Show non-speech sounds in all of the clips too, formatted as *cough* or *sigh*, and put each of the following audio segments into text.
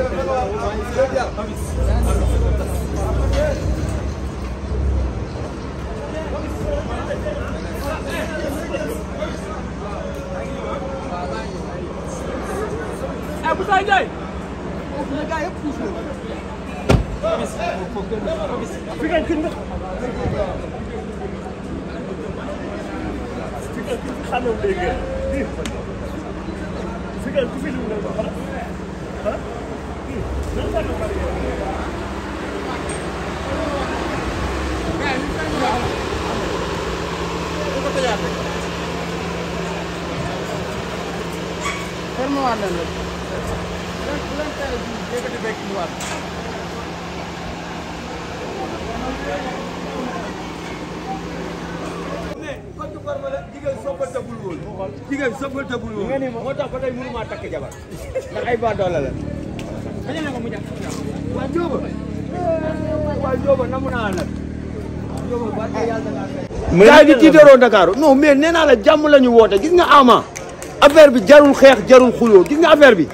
Fica, fica, fica. jigéen soppal tëbul woon moo tax ba tey mënu maa takk jabar ndax ay bandoola la waa Jóoba waa Jóoba namu naa nag di tiitaroo Dakar non mais nee naa la jàmm la ñu woote gis nga Ama affaire bi jarul xeex jarul xuloo gis nga affaire bi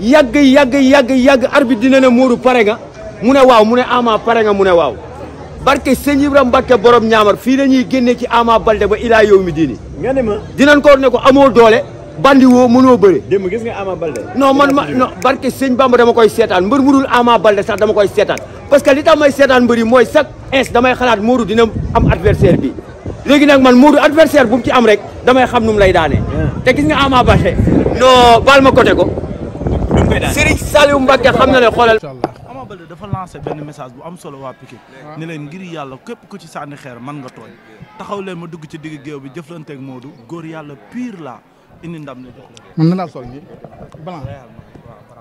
yàgg yàgg yàgg yàgg bi dina ne Modou pare nga mu ne waaw mu ne Ama pare nga mu ne waaw barke sëñ Ibra Mbacke borom ñaamar fii la ñuy génne ci Ama Balde ba ilaa yow mi diini nga ne ko ne ko amoo doole bandi woo mënoo bëre. démb gis nga Ama Balde. man ma non sëñ Bamba dama koy seetaan mbër mu dul Ama Balde sax dama koy seetaan parce que li tax may seetaan mbër yi mooy chaque ins damay xalaat Modou dina am adversaire bi léegi nag man Modou adversaire bu mu ci am rek damay xam nu lay daane. te gis nga Ama Balde. non baal ma côté ko. Serigne Saliou Mbacke xam na ne xoolal. Ama Balde dafa lancé benn message bu am solo waa Pikine ne leen ngir yàlla képp ku ci sànni xeer man nga tooñ leen ma dugg ci digg géew bi jëflanteeg Modou góor yàlla pire la indi ndam la jox la. mën na laa sol nii balaa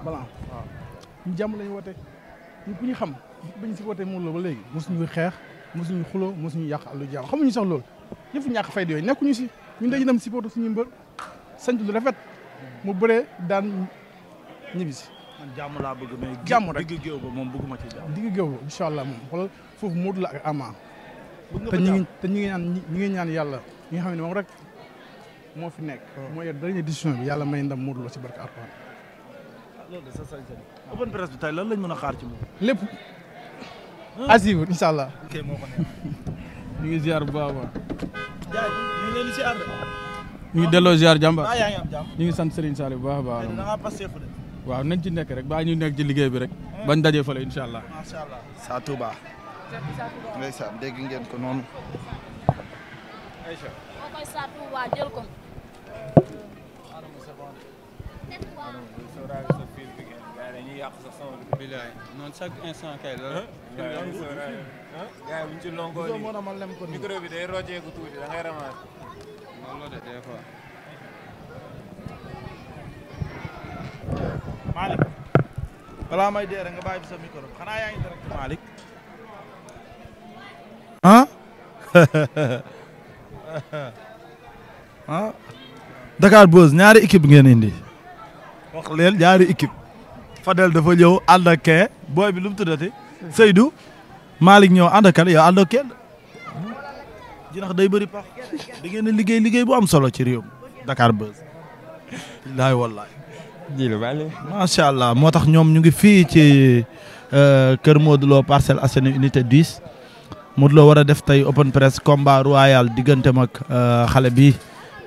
balaa ñu jàmm lañu woote ñu ku ñu xam bañ si woote moom la ba léegi mosuñu xeex mosuñu xuloo mosuñu yàq àllu jàmm xamuñu sax loolu yëfu ñàkk fayda yooyu nekkuñu si ñun dañu dem supporter suñu mbër sant lu rafet mu bëree daan ñibbi si. man jàmm laa bëgg jàmm rek digg géew ba moom bëgguma ci jàmm. digg géew ba te ñu ngi te ñu ngi ñaan ñu ñaan yàlla ñi nga xam ne moom rek moo fi nekk. Hmm. moo yor bi yàlla may ndam Modou Lo ci barke Alxuraan. Ah, loolu de sa sañ sañ open lañ mën a xaar ci moom. lépp. Hmm? asibir incha *laughs* ngi ziar bu baax delloo ziar jàmbaar. ah yaa ngi am jàmm ñu ngi sant Serigne Saliou bu baax a baax. nañ ci nekk rek baa ñu nekk ci liggéey bi rek. Hmm? bañ dajee fële incha allah. macha allah saa Touba. ndeysaan ko noonu. bilaay noonu chaque instant kay la. bilaay ko nii micro nga bàyyi fi sa micro xanaa yaa ngi direct Malick. ah. ñaari équipe ngeen indi. wax leen ñaari équipe Fadel dafa ñëw ànd ak kee booy bi lu mu tuddati Seydou Malick ñëw ànd ak kan yow jinax day bëri pax da ngeen liggéey liggéey bu am solo ci réew Dakar Buzz laay wallaay macha allah moo tax ñoom ñu ngi fii ci euh, kër Modou Lo Parcelles Assainies unité 10 Modou Lo war a def tey open press combat royal digganteem euh, ak xale bi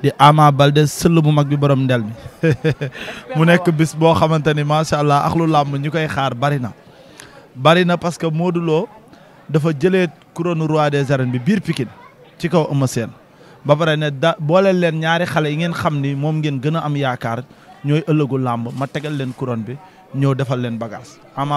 di Ama Balde sëll bu mag bi borom ndel bi *laughs* mu nekk bis boo xamante ni macha allah ak làmb ñu koy xaar bari na. bari na parce que Modou dafa jëlee couronne roi des arènes bi biir Pikine ci kaw Eumeu Sène ba pare ne da booleel leen ñaari xale yi ngeen xam ni moom ngeen gën a am yaakaar ñooy ëllëgu làmb ma tegal leen kuron bi ñëw defal leen bagage Ama.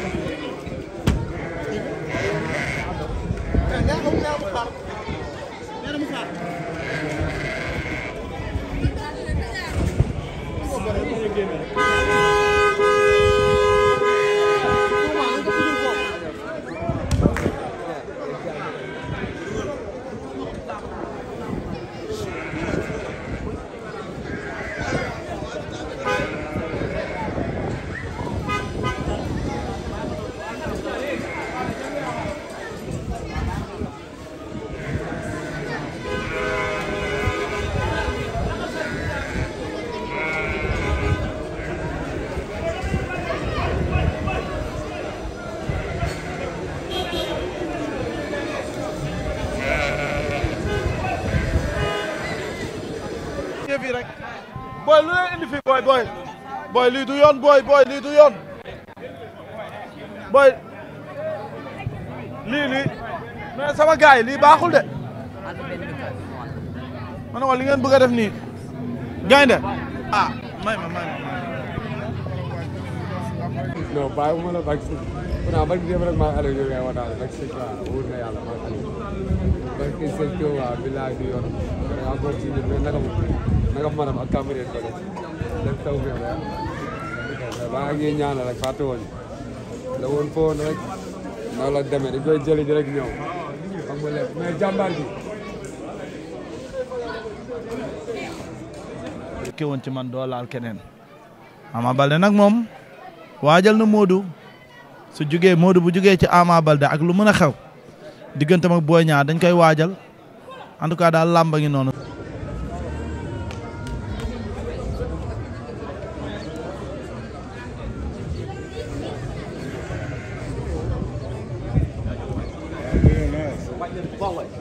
Thank you. booy booy booy lii du yoon booy booy lii du yoon booy lii lii mais sama gars yi lii baaxul de ma ne ko li ngeen bëgg a def nii gaynde ah may ma may ma non bàyyi ma la vaccin xanaa man jéem rek maa ngi allé yooyu wax daal vaccin quoi wóor na yàlla maa ngi allé parce que seen coow waa bi laa fi yor nga continué mais naka naka maanaam ak caméra yi def taw bi rek maa ngi woon ci man doo keneen. Ama Balde nag moom waajal na moodu su jugee Modou bu jugee ci Ama Balde ak lu mën a xew digganteem ak Boy ñaar dañ koy waajal en tout daal làmba ngi noonu. balık.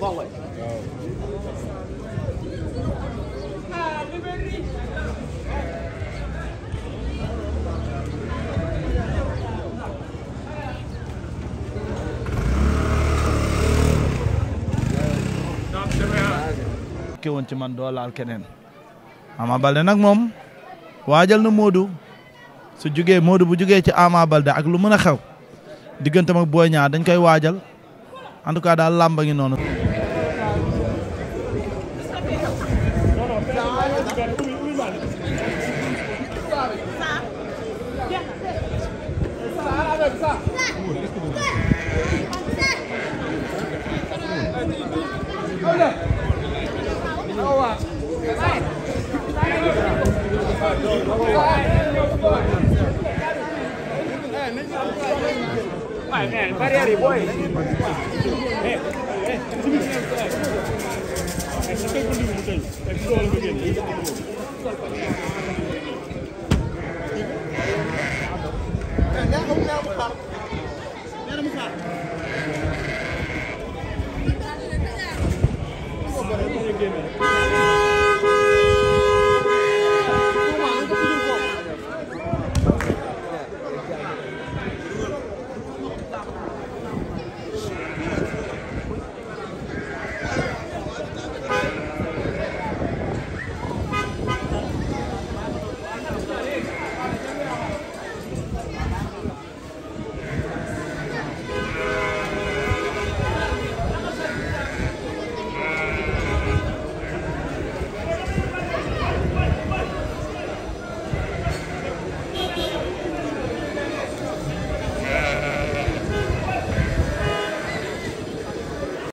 Bawal. ci man doo laal keneen Ama Balde nag moom waajal na Modou su jugee Modou bu jugee ci Ama Balde ak lu mën a xew digganteem ak Boy Niang dañ koy waajal en tout cas daal làmba ngi noonu man. Barriere, boy. Hey, hey. Hey,